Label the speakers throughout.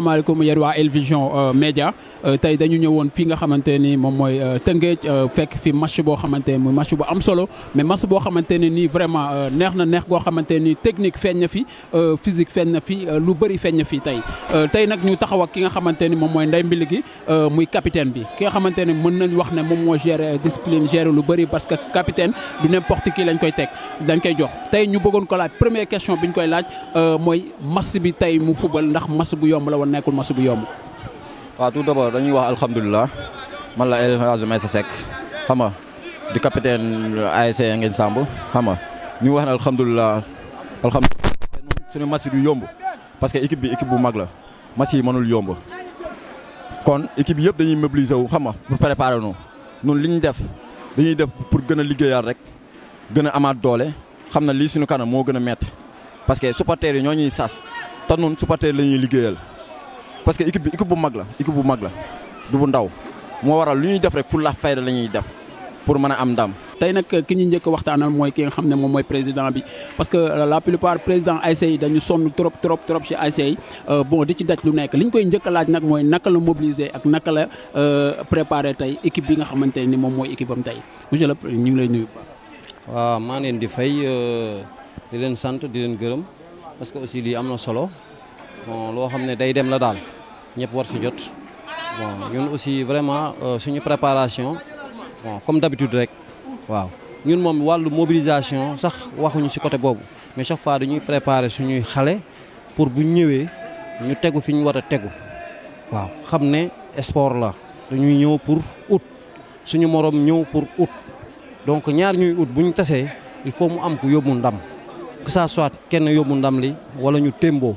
Speaker 1: asalaamaaleykum yéen waa Elvision euh, Media euh, tay dañu ñëwoon fi nga xamante ni moom mooy euh, Tëngéej fekk fi match bo xamante moy match bu am solo mais match bo xamante ni vraiment neex na neex go xamante ni technique feñ na fi physique feñ na fi lu bari feñ na fi tay tay nak ñu taxaw ak ki nga xamante mom moy nday mbili gi muy capitaine bi ki nga xamante mën nañ wax ne mom mo gérer discipline gérer lu bari parce que capitaine du n'importe qui lañ koy tek dañ koy jox tay ñu bëggoon ko laaj première question biñ koy laaj moy match bi tay mu football ndax match bu yomb la woon nekkul match bu yomb. waaw tout d'abord dañuy
Speaker 2: wax alhamdulilah man la El Hadj Meissa Seck xam di capitaine ASC Ngagne Samb xam nga ñu wax ne alhamdulilah alhamdulilah suñu match du yomb parce que équipe bi équipe bu mag la match yi mënul yomb kon équipe yëpp dañuy mobiliser wu xam bu pour préparer ñu noonu li ñu def dañuy def pour gën a liggéeyaat rek gën a amaat doole xam na lii suñu kanam moo gën a métti parce que supporters yi ñoo ñuy sas te noonu supporters la ñuy liggéeyal. parce que équipe bu mag la équipe bu mag la du bu ndaw moo waral
Speaker 1: lu ñuy def rek pour la fayda la ñuy def pour mën a am ndam. tey nag ki ñu njëkk waxtaanal mooy ki nga xam ne moom mooy président bi parce que euh, la plupart président ASC yi dañu sonn trop trop trop ci ASC yi euh, bon di ci daj lu nekk li ñu koy njëkk laaj nag mooy naka la mobiliser ak naka la euh, préparer tey équipe bi nga xamante ni moom mooy équipe am tey monsieur le ñu ngi lay nuyu.
Speaker 3: waaw maa leen di fay di leen sant di leen gërëm parce que aussi lii am na solo. bon lo xamné day dem la dal ñep war ci jot bon ñun aussi vraiment euh, suñu préparation bon comme d'habitude rek waaw ñun mom walu mobilisation sax waxuñu ci côté bobu mais chaque fois dañuy préparer suñuy xalé pour bu ñëwé ñu téggu fiñu wara téggu waaw xamné sport la dañuy ñëw pour out suñu morom ñëw pour out donc ñaar ñuy out bu tassé il faut mu am ku yóbbu ndam que ça soit kenn yóbbu ndam li wala ñu tembo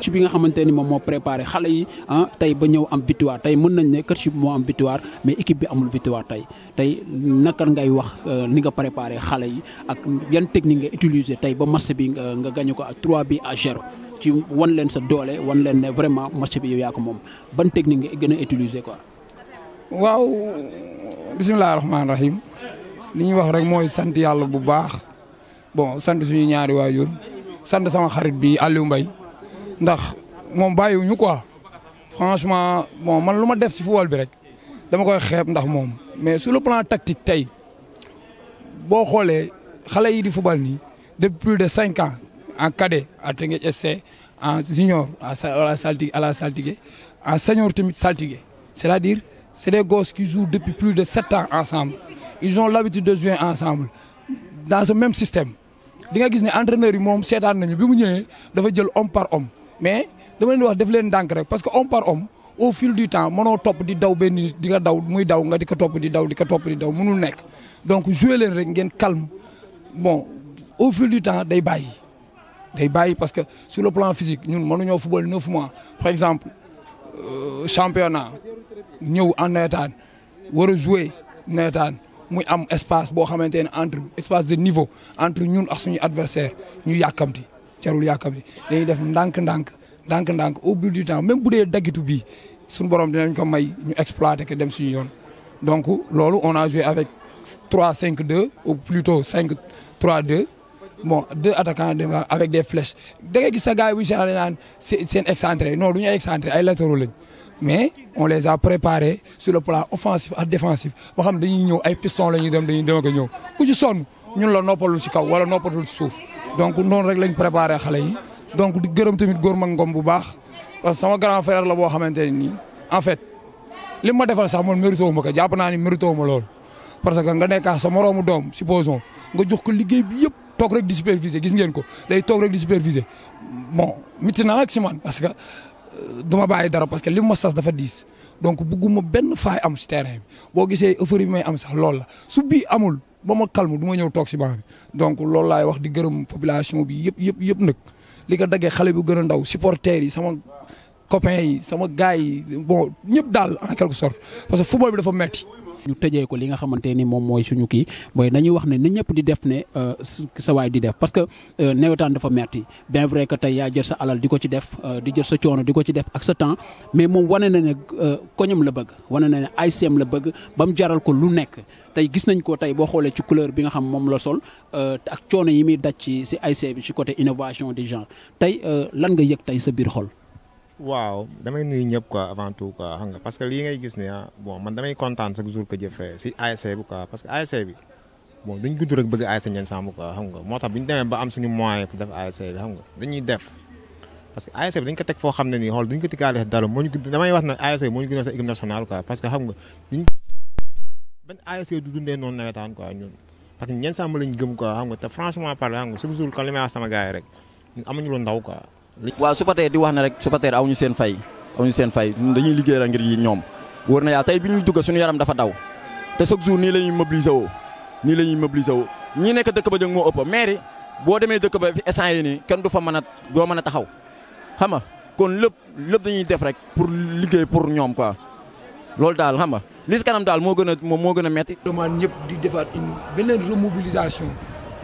Speaker 1: ci bi nga xamante ni moom moo préparé xale yi ah tey ba ñëw am victoire tey mën nañ ne coach ci moo am victoire mais équipe bi amul victoire tey tey naka ngay wax euh, ni nga préparé xale yi ak yan technique nga utiliser tey ba match bi nga gañu ko ak trois bi à 0 ci wan leen sa doole wan leen ne vraiment match bi yow yaa ko moom ban technique nga gën a ko quoi.
Speaker 4: waaw bisimilah rahmaani rahim li ñuy wax rek mooy sant yàlla bu baax bon sant suñu ñaari waajur sant sama xarit bi Aliou Mbaye ndax moom bàyyiwuñu quoi franchement bon man lu ma def si football bi rek dama koy mais sur le plan tactique tey boo xoolee yi football depuis plus de 5 ans en cadet à Teungueth SC, en junior à la Saltigué à la en senior tamit Saltigué c'est-à-dire c'est des gosses qui jouent depuis plus de 7 ans ensemble ils ont l'habitude de jouer ensemble dans ce même système di nga gis ne entraîneur yi moom homme par homme mais dama leen wax def leen ndànk rek parce que homme par homme au fil du temps mënoo topp di daw benn nit di nga daw muy daw nga di ko topp di daw di ko topp di daw mënul nekk donc jouer leen rek ngeen calme bon au fil du temps day bàyyi. day bàyyi parce que sur le plan physique ñun mënuñoo football 9 mois par exemple euh, championnat ñëw en nawetaan war a jouer nawetaan muy am espace boo xamante ne entre espace de niveau entre ñun ak suñu adversaire ñu yàkkamti jarul yakabi dañuy def ndank ndank ndank ndank au bout du temps même boudé dee bi bii suñu borom dinañ ko may ñu exploiter ke dem suñu yoon. donc lolu on a joué avec 3-5-2 ou plutôt 5-3-2 bon deux attaquants avec des flèches da ngay gis sa gaay bu c'est excentré non duñu excentré ay latéraux lañ. mais on les a préparés sur le plan offensif à défensif boo xam dañuy ñëw ay piston dem dañuy dem ak ñëw ku ci sonn. ñun la noppalul ci kaw wala noppalul suuf donc noonu rek lañ préparé xale yi donc di gërëm tamit góor mag ngom bu baax parce sama grand frère la boo xamante ne nii en fait li ma defal sax man mérito ma ko jàpp naa ni mérito ma loolu parce que nga nekk sa moroomu doom supposons nga jox ko liggéey bi yëpp toog rek di superviser gis ngeen ko day toog rek di superviser bon mitti na nag si man parce que euh, du ma bàyyi dara parce que li ma sas dafa diis donc bugguma benn faay am si terrain bi boo gisee bi may am sax loolu la su bii amul ba ma calme du ma ñëw toog si banc bi donc loolu laay wax di gërëm population bi yëpp yëpp yëpp nag li ko daggee xale bu gën a ndaw supporters yi sama copains yi sama gars yi bon ñëpp daal en quelque sorte
Speaker 1: parce que football bi dafa metti ñu tëjee ko li nga xamante ni moom mooy suñu kii mooy nañuy wax ne na ñëpp di def ne euh, sa waay di def parce que euh, nawetaan dafa merti bien vrai que tey yaa jël sa alal di ko ci def euh, di jël sa coono di ko ci def ak sa temps mais moom wane na ne koñam la bëgg wane na ne ICM la bëgg ba mu jaral ko lu nekk tey gis nañ ko tey boo xoolee ci couleur bi nga xam moom la sol ak coono yi muy daj ci si ICM bi ci côté innovation des genre tey lan nga yëg tey sa biir xol. waaw damay nuyu ñëpp quoi avant tout parce que lii ngay gis ne ah bon man damay kontaan chaque jour que Dieu fait si ASC bi quoi parce que ASC bi moo tax bu ñu demee am suñu moyen pour def ASC bi xam dañuy def parce que ASC bi dañ ko teg foo xam ne nii xool duñ ko tikaalee dara moo ñu gudd damay wax ne ASC moo ñu gën a sa équipe nationale quoi parce que xam nga duñ benn du dundee noonu nawetaan quoi ñun parce que Ndiène Sambou lañ gëm quoi xam nga te franchement parler xam nga chaque jour comme li may wax sama gars lu ndaw quoi waaw
Speaker 2: supporter di wax ne rek supporter aw ñu seen fay aw ñu seen fay dañuy liggéey rek ngir yi ñoom wóor na yàlla tey bi ñu dugg suñu yaram dafa daw te chaque jour nii la ñuy mobiliser woo nii la ñuy mobiliser woo ñi nekk dëkk ba jëng moo ëpp mairie boo demee dëkk ba fi instant yi nii kenn du fa mën a doo mën a taxaw xam nga kon lépp lépp dañuy def rek pour liggéey pour ñoom quoi loolu daal xam nga li kanam daal moo gën a moom moo gën a metti demande ñëpp di defaat une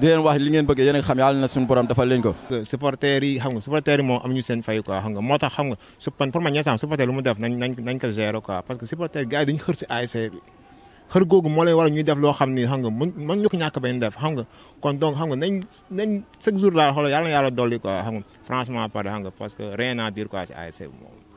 Speaker 2: di leen wax li ngeen bëgg yéen a xam yàlla na suñu
Speaker 1: borom defal leen ko. supporters yi nga supporters yi am ñu seen fay quoi xam nga moo tax xam nga su lu mu def nañ nañ nañ ko parce que supporters gars yi xër si ASC bi xër googu moo war a ñuy def loo xam ni xam nga mën ñu ko ñàkk bañ def xam nga kon donc xam nga nañ nañ chaque jour daal xoolal yàlla na yàlla dolli quoi xam nga franchement pare xam nga parce que rien à dire quoi si ASC moom